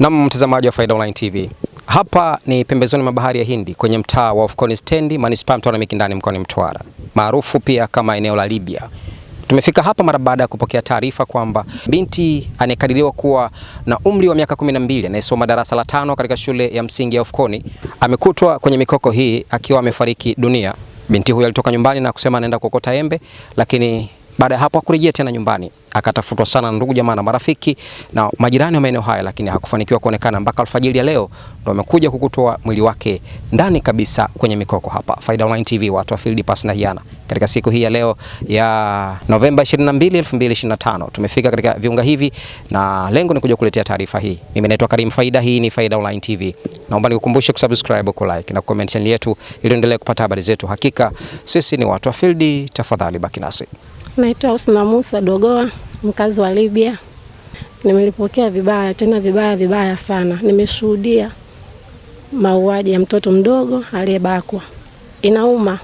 Na mtazamaji wa Faida Online TV, hapa ni pembezoni mwa bahari ya Hindi kwenye mtaa wa Ofcon Stendi, manispaa ya Mtwara Mikindani, mkoani Mtwara, maarufu pia kama eneo la Libya. Tumefika hapa mara baada ya kupokea taarifa kwamba binti anayekadiriwa kuwa na umri wa miaka kumi na mbili anayesoma darasa la tano katika shule ya msingi ya Ofcon amekutwa kwenye mikoko hii akiwa amefariki dunia. Binti huyo alitoka nyumbani na kusema anaenda kuokota embe, lakini baada ya hapo akurejea tena nyumbani, akatafutwa sana na ndugu jamaa na marafiki na majirani wa maeneo haya, lakini hakufanikiwa kuonekana mpaka alfajiri ya leo ndio amekuja kukutoa mwili wake ndani kabisa kwenye mikoko hapa. Faida Online TV, watu wa field pass na hiana, katika siku hii ya leo ya Novemba 22, 2025 tumefika katika viunga hivi na lengo ni kuja kuletea taarifa hii. Mimi naitwa Karim Faida, hii ni Faida Online TV. Naomba nikukumbushe kusubscribe, ku like na comment channel yetu ili endelee kupata habari zetu. Hakika sisi ni watu wa field, tafadhali baki nasi. Naitwa Husna Musa Dogoa, mkazi wa Libya. Nimelipokea vibaya tena vibaya vibaya sana. Nimeshuhudia mauaji ya mtoto mdogo aliyebakwa. Inauma,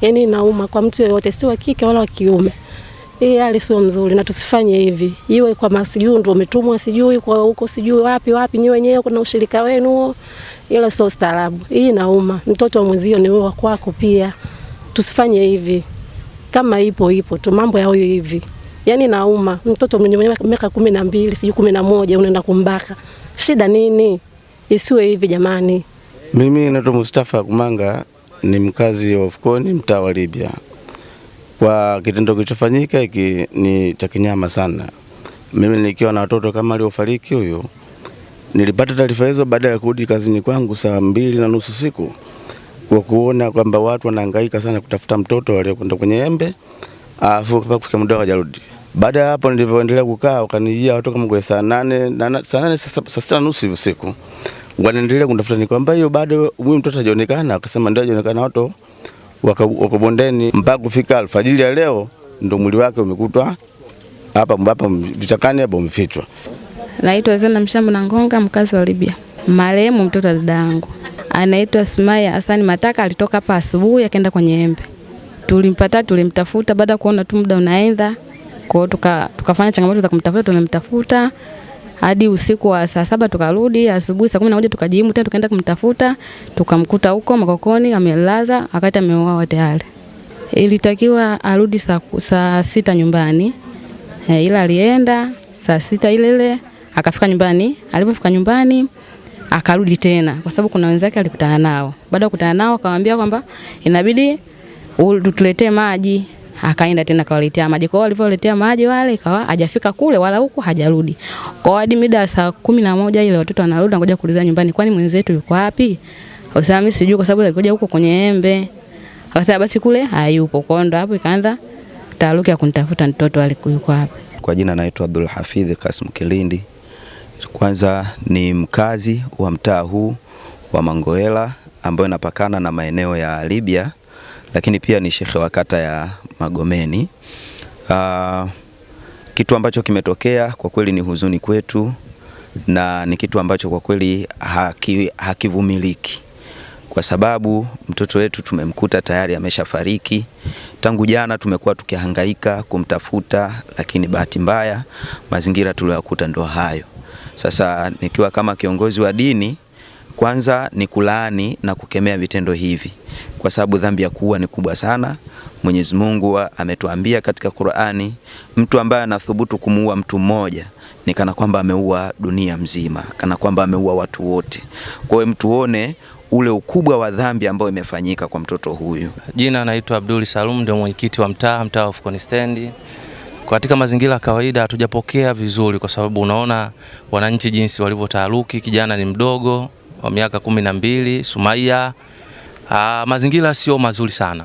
yaani inauma kwa mtu yoyote, si wa kike wala wa kiume. Hii hali sio mzuri na tusifanye hivi, iwe kwa masijui ndio umetumwa, sijui kwa huko, sijui wapi wapi, nyi wenyewe kuna ushirika wenu ila sio staarabu. Hii inauma, mtoto wa mwenzio ni wewe, wa kwako pia. Tusifanye hivi kama ipo ipo tu, mambo ya huyo hivi. Yaani nauma mtoto mwenye miaka kumi na mbili sijui kumi na moja unaenda kumbaka, shida nini? Isiwe hivi jamani. Mimi naitwa Mustafa Kumanga, ni mkazi wa Ufukoni, mtaa wa Libya. Kwa kitendo kilichofanyika hiki ni cha kinyama sana. Mimi nikiwa na watoto kama aliofariki huyu, nilipata taarifa hizo baada ya kurudi kazini kwangu saa mbili na nusu siku wa kuona kwamba watu wanahangaika sana kutafuta mtoto waliokwenda kwenye embe, afu kufika muda hawajarudi. Baada ya hapo nilivyoendelea kukaa, wakanijia watu kama kwa saa nane saa nane saa sita na nusu hivi usiku, wanaendelea kunitafuta kwamba hiyo bado huyu mtoto hajaonekana. Akasema ndio hajaonekana, watu wako bondeni. Mpaka kufika alfajiri ya leo ndio mwili wake umekutwa hapa hapa vichakani hapo umefichwa. Naitwa Zena Mshambu na Ngonga, mkazi wa Libya, marehemu mtoto wa dada yangu anaitwa Sumaya Hassan Mataka, alitoka hapa asubuhi akaenda kwenye Embe. Tulimpata, tulimtafuta baada ya kuona tu muda unaenda, kwao, tuka, tukafanya changamoto za kumtafuta, tumemtafuta hadi usiku wa saa saba tukarudi. Asubuhi saa kumi na moja tukajimu tena tukaenda kumtafuta, tukamkuta huko Makokoni amelaza, akati ameuawa tayari. Ilitakiwa arudi saa, saa sita nyumbani e, ila alienda saa sita ile ile akafika nyumbani. Alipofika nyumbani akarudi tena, kwa sababu kuna wenzake alikutana nao. Baada ya kukutana nao akamwambia kwamba inabidi tutuletee maji, akaenda tena kawaletea maji. Kwa hiyo walivyoletea maji wale, ikawa hajafika kule wala huku hajarudi. Kwa hadi mida saa kumi na moja ile watoto wanarudi, ngoja kuuliza nyumbani, kwani mwenzetu yuko wapi? Akasema mimi sijui, kwa sababu alikuja huko kwenye embe. Akasema basi kule hayupo. Kwa ndo hapo ikaanza taaruki ya kunitafuta mtoto alikuwa wapi. Kwa jina naitwa Abdul Hafidh Kasim Kilindi. Kwanza ni mkazi wa mtaa huu wa Mangoela ambayo inapakana na maeneo ya Libya, lakini pia ni shekhe wa kata ya Magomeni. Aa, ah, kitu ambacho kimetokea kwa kweli ni huzuni kwetu na ni kitu ambacho kwa kweli haki, hakivumiliki kwa sababu mtoto wetu tumemkuta tayari ameshafariki. Tangu jana tumekuwa tukihangaika kumtafuta, lakini bahati mbaya mazingira tuliyokuta ndo hayo. Sasa nikiwa kama kiongozi wa dini, kwanza ni kulaani na kukemea vitendo hivi, kwa sababu dhambi ya kuua ni kubwa sana. Mwenyezi Mungu ametuambia katika Qur'ani, mtu ambaye anathubutu kumuua mtu mmoja ni kana kwamba ameua dunia mzima, kana kwamba ameua watu wote. Kwa hiyo mtuone ule ukubwa wa dhambi ambayo imefanyika kwa mtoto huyu. Jina anaitwa Abdul Salum, ndio mwenyekiti wa mtaa mtaa wa Fukoni Stendi. Katika mazingira ya kawaida hatujapokea vizuri, kwa sababu unaona wananchi jinsi walivyotaaruki. Kijana ni mdogo wa miaka kumi na mbili, Sumaia. Aa, ah, mazingira sio mazuri sana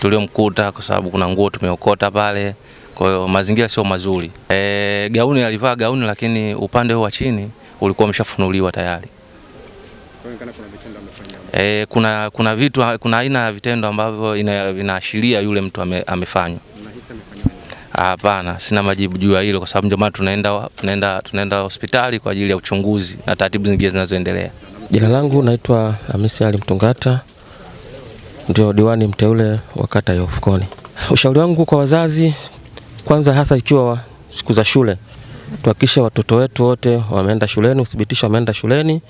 tuliomkuta, kwa sababu kuna nguo tumeokota pale, kwa hiyo mazingira sio mazuri. E, gauni alivaa gauni, lakini upande wa chini ulikuwa umeshafunuliwa tayari. E, kuna kuna vitu kuna aina ya vitendo ambavyo vinaashiria yule mtu ame, amefanya Hapana, sina majibu juu ya hilo, kwa sababu ndio maana tunaenda tunaenda tunaenda hospitali kwa ajili ya uchunguzi na taratibu zingine zinazoendelea. Jina langu naitwa Hamisi Ali Mtungata, ndio diwani mteule wa kata ya Ufukoni. Ushauri wangu kwa wazazi, kwanza hasa ikiwa siku za shule, tuhakikishe watoto wetu wote wameenda shuleni, uthibitisho wameenda shuleni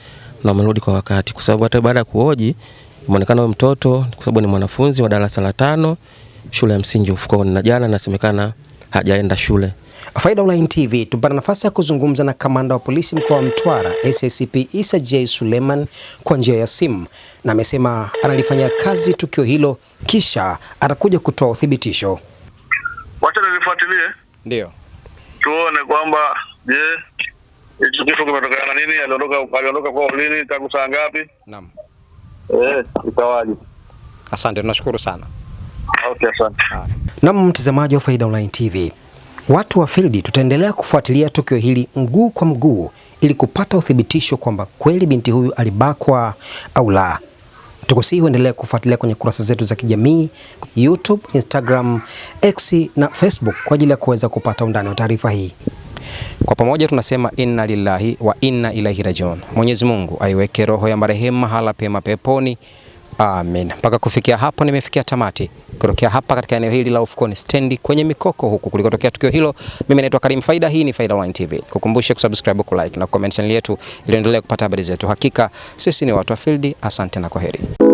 na wamerudi kwa wakati, kwa sababu hata baada ya kuoji muonekana wa mtoto, kwa sababu ni mwanafunzi wa darasa la tano shule ya msingi Ufukoni, na jana nasemekana hajaenda shule. Faida Online TV tupata nafasi ya kuzungumza na kamanda wa polisi mkoa wa Mtwara SACP Isa J Suleiman kwa njia ya simu, na amesema analifanyia kazi tukio hilo kisha atakuja kutoa uthibitisho. Wacha nilifuatilie ndio tuone kwamba je, hicho kifo kimetokana na nini? Aliondoka aliondoka kwa lini? Tangu saa ngapi? Naam, eh, itawaje. Asante, tunashukuru sana. Okay, asante. Na mtazamaji wa Faida Online TV, watu wa Field tutaendelea kufuatilia tukio hili mguu kwa mguu ili kupata uthibitisho kwamba kweli binti huyu alibakwa au la. Tukusihi uendelee kufuatilia kwenye kurasa zetu za kijamii YouTube, Instagram, X na Facebook kwa ajili ya kuweza kupata undani wa taarifa hii. Kwa pamoja tunasema inna lillahi wa inna ilaihi rajiun. Mwenyezi Mungu aiweke roho ya marehemu mahala pema peponi. Amen. Mpaka kufikia hapo nimefikia tamati. Kutokea hapa katika eneo hili la Ufukoni Stendi kwenye mikoko huku kulikotokea tukio hilo, mimi naitwa Karim Faida, hii ni Faida Online TV. Kukumbushe kusubscribe, kulike na comment channel yetu ili endelee kupata habari zetu. Hakika sisi ni watu wa field. Asante na kwaheri.